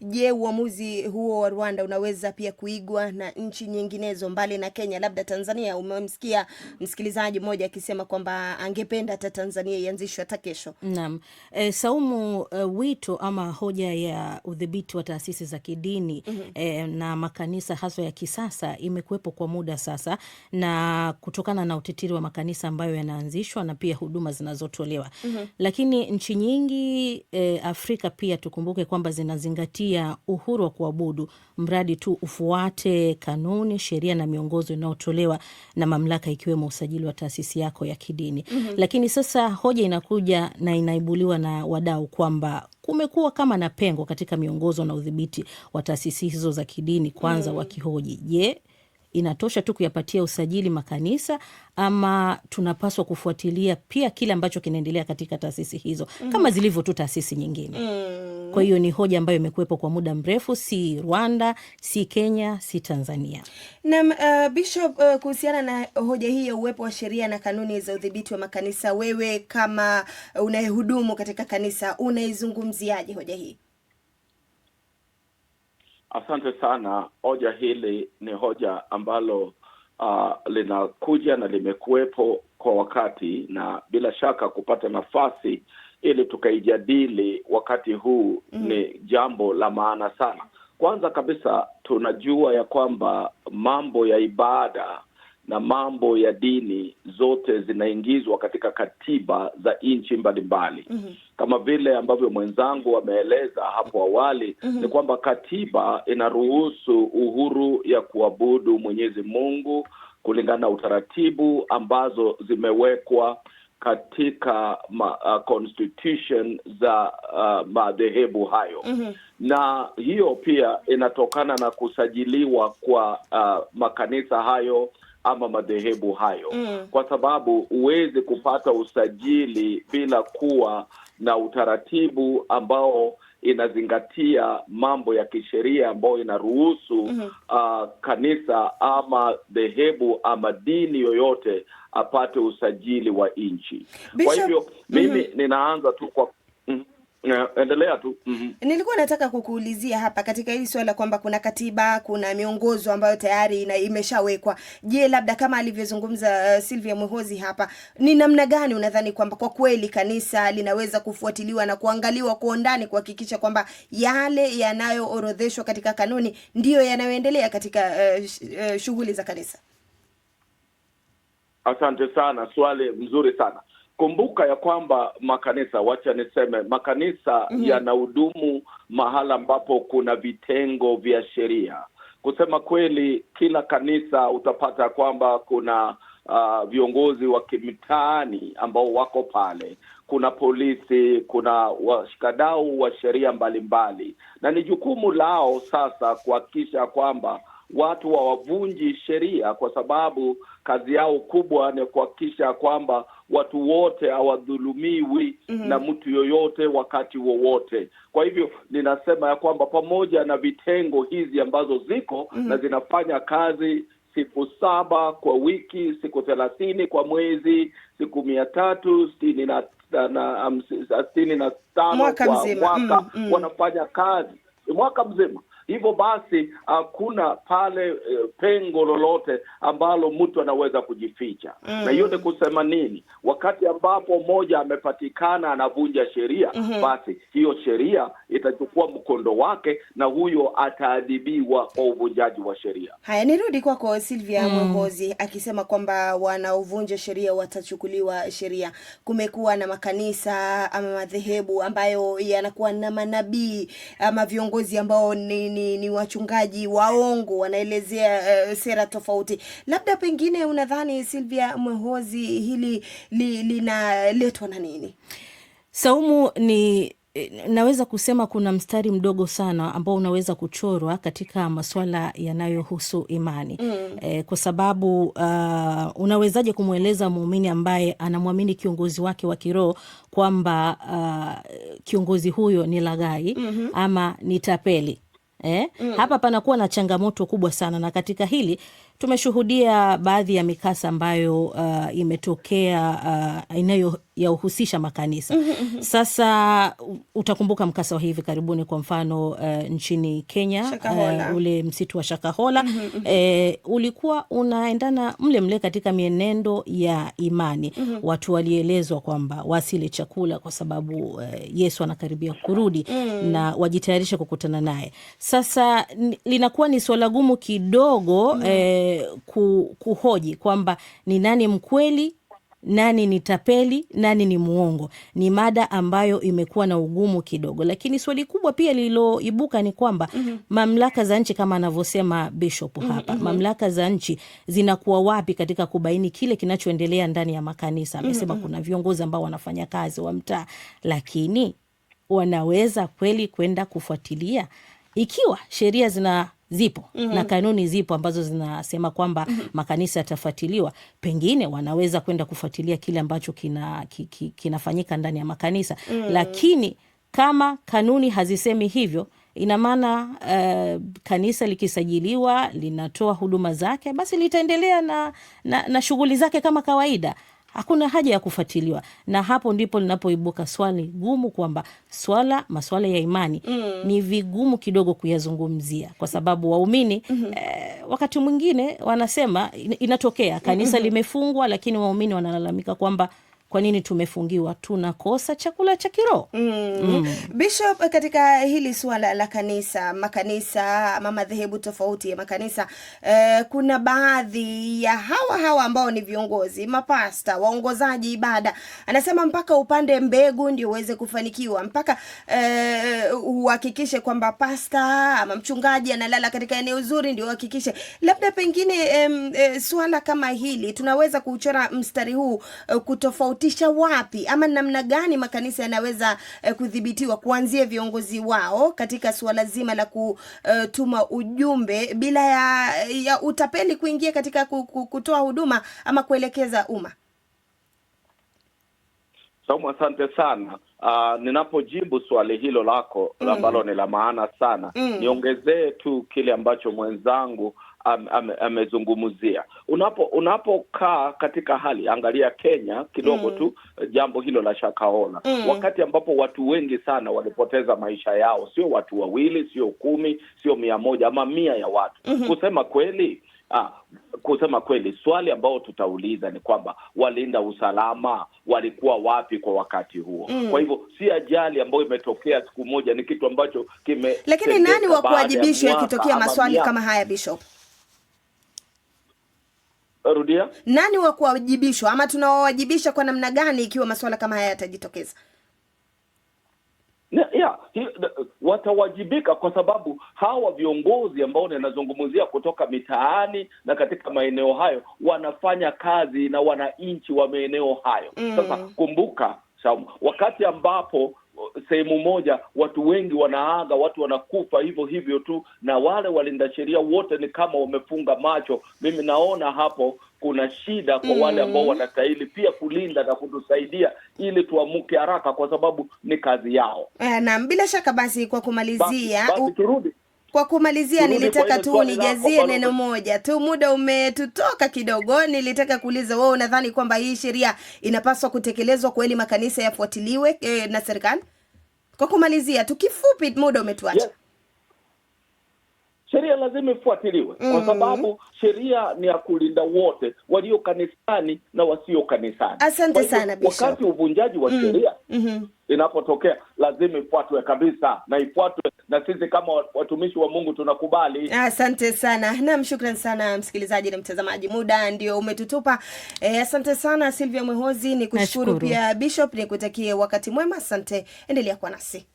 Je, uamuzi huo wa Rwanda unaweza pia kuigwa na nchi nyinginezo mbali na Kenya, labda Tanzania? Umemsikia msikilizaji mmoja akisema kwamba angependa hata Tanzania ianzishwe hata kesho. Naam. E, Saumu, e, wito ama hoja ya udhibiti wa taasisi za kidini mm -hmm. e, na makanisa haswa ya kisasa imekuwepo kwa muda sasa, na kutokana na utitiri wa makanisa ambayo yanaanzishwa na pia huduma zinazotolewa mm -hmm. lakini nchi nyingi e, Afrika pia tukumbuke kwamba zinazingatia kumpatia uhuru wa kuabudu mradi tu ufuate kanuni, sheria na miongozo inayotolewa na mamlaka, ikiwemo usajili wa taasisi yako ya kidini. mm -hmm. Lakini sasa hoja inakuja na inaibuliwa na wadau kwamba kumekuwa kama na pengo katika miongozo na udhibiti wa taasisi hizo za kidini, kwanza mm -hmm. wakihoji je, inatosha tu kuyapatia usajili makanisa ama tunapaswa kufuatilia pia kile ambacho kinaendelea katika taasisi hizo mm kama zilivyo tu taasisi nyingine mm Kwa hiyo ni hoja ambayo imekuwepo kwa muda mrefu, si Rwanda, si Kenya, si Tanzania. nam uh, eh, Bishop, uh, kuhusiana na hoja hii ya uwepo wa sheria na kanuni za udhibiti wa makanisa, wewe kama unayehudumu katika kanisa unaizungumziaje hoja hii? Asante sana. Hoja hili ni hoja ambalo uh, linakuja na limekuwepo kwa wakati na bila shaka kupata nafasi ili tukaijadili wakati huu mm. ni jambo la maana sana. Kwanza kabisa tunajua ya kwamba mambo ya ibada na mambo ya dini zote zinaingizwa katika katiba za nchi mbalimbali. mm -hmm kama vile ambavyo mwenzangu ameeleza hapo awali mm -hmm. ni kwamba katiba inaruhusu uhuru ya kuabudu Mwenyezi Mungu kulingana na utaratibu ambazo zimewekwa katika ma, uh, constitution za uh, madhehebu hayo mm -hmm. na hiyo pia inatokana na kusajiliwa kwa uh, makanisa hayo ama madhehebu hayo mm. Kwa sababu huwezi kupata usajili bila kuwa na utaratibu ambao inazingatia mambo ya kisheria ambayo inaruhusu mm -hmm. uh, kanisa ama dhehebu ama dini yoyote apate usajili wa nchi. Kwa hivyo mimi mm -hmm. ninaanza tu kwa Endelea tu. mm -hmm. Nilikuwa nataka kukuulizia hapa katika hili swala kwamba kuna katiba, kuna miongozo ambayo tayari ina imeshawekwa. Je, labda kama alivyozungumza uh, Sylvia Mwehozi hapa, ni namna gani unadhani kwamba kwa kweli kanisa linaweza kufuatiliwa na kuangaliwa kwa undani kuhakikisha kwamba yale yanayoorodheshwa katika kanuni ndiyo yanayoendelea katika uh, uh, shughuli za kanisa? Asante sana, swali mzuri sana. Kumbuka ya kwamba makanisa, wacha niseme makanisa mm -hmm. yanahudumu mahala ambapo kuna vitengo vya sheria. Kusema kweli, kila kanisa utapata kwamba kuna uh, viongozi wa kimtaani ambao wako pale, kuna polisi, kuna washikadau wa sheria mbalimbali, na ni jukumu lao sasa kuhakikisha kwamba watu hawavunji sheria, kwa sababu kazi yao kubwa ni kuhakikisha kwamba watu wote hawadhulumiwi mm -hmm. na mtu yoyote wakati wowote. Kwa hivyo ninasema ya kwamba pamoja na vitengo hizi ambazo ziko mm -hmm. na zinafanya kazi siku saba kwa wiki, siku thelathini kwa mwezi, siku mia tatu sitini na sitini na tano kwa mwaka mm -hmm. wanafanya kazi mwaka mzima Hivyo basi hakuna pale uh, pengo lolote ambalo mtu anaweza kujificha mm. Na hiyo ni mm. kusema nini? Wakati ambapo mmoja amepatikana anavunja sheria mm -hmm. Basi hiyo sheria itachukua mkondo wake na huyo ataadhibiwa kwa uvunjaji wa sheria. Haya, nirudi kwako kwa Silvia mm. Mwengozi akisema kwamba wanaovunja sheria watachukuliwa sheria. Kumekuwa na makanisa ama madhehebu ambayo yanakuwa na manabii ama viongozi ambao ni ni, ni wachungaji waongo wanaelezea uh, sera tofauti. Labda pengine unadhani Silvia Mwehozi, hili linaletwa li, na nini? Saumu ni naweza kusema kuna mstari mdogo sana ambao unaweza kuchorwa katika masuala yanayohusu imani mm. E, kwa sababu uh, unawezaje kumweleza muumini ambaye anamwamini kiongozi wake wa kiroho kwamba uh, kiongozi huyo ni lagai mm -hmm. ama ni tapeli eh? mm. Hapa panakuwa na changamoto kubwa sana, na katika hili tumeshuhudia baadhi ya mikasa ambayo uh, imetokea uh, inayo yahusisha makanisa. Mhm, mhm. Sasa utakumbuka mkasa wa hivi karibuni kwa mfano uh, nchini Kenya uh, ule msitu wa Shakahola uh, ulikuwa unaendana mle mle katika mienendo ya imani. Watu walielezwa kwamba wasile chakula kwa sababu uh, Yesu anakaribia kurudi mm. na wajitayarishe kukutana naye. Sasa linakuwa ni swala gumu kidogo uh, ku, kuhoji kwamba ni nani mkweli nani ni tapeli, nani ni mwongo Ni mada ambayo imekuwa na ugumu kidogo, lakini swali kubwa pia lililoibuka ni kwamba mm -hmm. mamlaka za nchi kama anavyosema Bishop mhm, hapa mm -hmm. mamlaka za nchi zinakuwa wapi katika kubaini kile kinachoendelea ndani ya makanisa? Amesema mm -hmm. kuna viongozi ambao wanafanya kazi wa mtaa, lakini wanaweza kweli kwenda kufuatilia ikiwa sheria zina zipo mm -hmm. na mhm. kanuni zipo ambazo zinasema kwamba mm -hmm. makanisa yatafuatiliwa, pengine wanaweza kwenda kufuatilia kile ambacho kina, ki, ki, kinafanyika ndani ya makanisa mm -hmm. lakini kama kanuni hazisemi hivyo ina maana uh, kanisa likisajiliwa linatoa huduma zake basi litaendelea na, na, na shughuli zake kama kawaida hakuna haja ya kufuatiliwa, na hapo ndipo linapoibuka swali gumu kwamba swala maswala ya imani mm. ni vigumu kidogo kuyazungumzia kwa sababu waumini mm -hmm. eh, wakati mwingine wanasema, inatokea kanisa mm -hmm. limefungwa, lakini waumini wanalalamika kwamba kwa nini tumefungiwa? Tunakosa chakula cha kiroho mm. mm. Bishop, katika hili suala la kanisa, makanisa ama madhehebu tofauti ya makanisa eh, kuna baadhi ya hawa hawa ambao ni viongozi, mapasta, waongozaji ibada, anasema mpaka upande mbegu ndio uweze kufanikiwa, mpaka eh, uhakikishe kwamba pasta ama mchungaji analala katika eneo zuri ndio uhakikishe. Labda pengine eh, eh, suala kama hili tunaweza kuchora mstari huu eh, kutofauti kutisha wapi ama namna gani makanisa yanaweza eh, kudhibitiwa kuanzia viongozi wao katika suala zima la kutuma eh, ujumbe bila ya, ya utapeli kuingia katika kutoa huduma ama kuelekeza umma? Saumu, asante sana. Uh, ninapojibu swali hilo lako mm. ambalo mm -hmm. ni la maana sana mm -hmm. niongezee tu kile ambacho mwenzangu am, am, amezungumzia. Unapo unapokaa katika hali, angalia Kenya kidogo mm. tu eh, jambo hilo la Shakahola mm. wakati ambapo watu wengi sana walipoteza maisha yao, sio watu wawili, sio kumi, sio mia moja ama mia ya watu mm -hmm. kusema kweli Ah, kusema kweli swali ambao tutauliza ni kwamba walinda usalama walikuwa wapi kwa wakati huo? Mm. Kwa hivyo si ajali ambayo imetokea siku moja, ni kitu ambacho kime, lakini nani wa kuwajibishwa ikitokea maswali kama haya Bishop? Rudia. Nani wa kuwajibishwa ama tunawawajibisha kwa namna gani ikiwa masuala kama haya yatajitokeza? Yeah, watawajibika kwa sababu hawa viongozi ambao ninazungumzia kutoka mitaani na katika maeneo hayo wanafanya kazi na wananchi wa maeneo hayo. Mm. Sasa kumbuka wakati ambapo sehemu moja, watu wengi wanaaga, watu wanakufa hivyo hivyo tu, na wale walinda sheria wote ni kama wamefunga macho. Mimi naona hapo kuna shida kwa mm. wale ambao wanastahili pia kulinda na kutusaidia ili tuamke haraka, kwa sababu ni kazi yao. Eh, na bila shaka basi, kwa kumalizia basi, basi turudi kwa kumalizia, nilitaka tu unijazie neno moja tu, muda umetutoka kidogo. Nilitaka kuuliza wewe, unadhani kwamba hii sheria inapaswa kutekelezwa kweli, makanisa yafuatiliwe eh, na serikali? Kwa kumalizia tu kifupi, muda umetuacha. Yes. Sheria lazima ifuatiliwe mm, kwa sababu sheria ni ya kulinda wote walio kanisani na wasio kanisani. Asante sana Bishop. Wakati uvunjaji wa mm, sheria mm -hmm inapotokea lazima ifuatwe kabisa na ifuatwe, na sisi kama watumishi wa Mungu tunakubali. Asante sana, nam shukran sana msikilizaji na mtazamaji, muda ndio umetutupa. Eh, asante sana Silvia Mwehozi, ni kushukuru pia Bishop, kutakie wakati mwema. Asante, endelea kuwa nasi.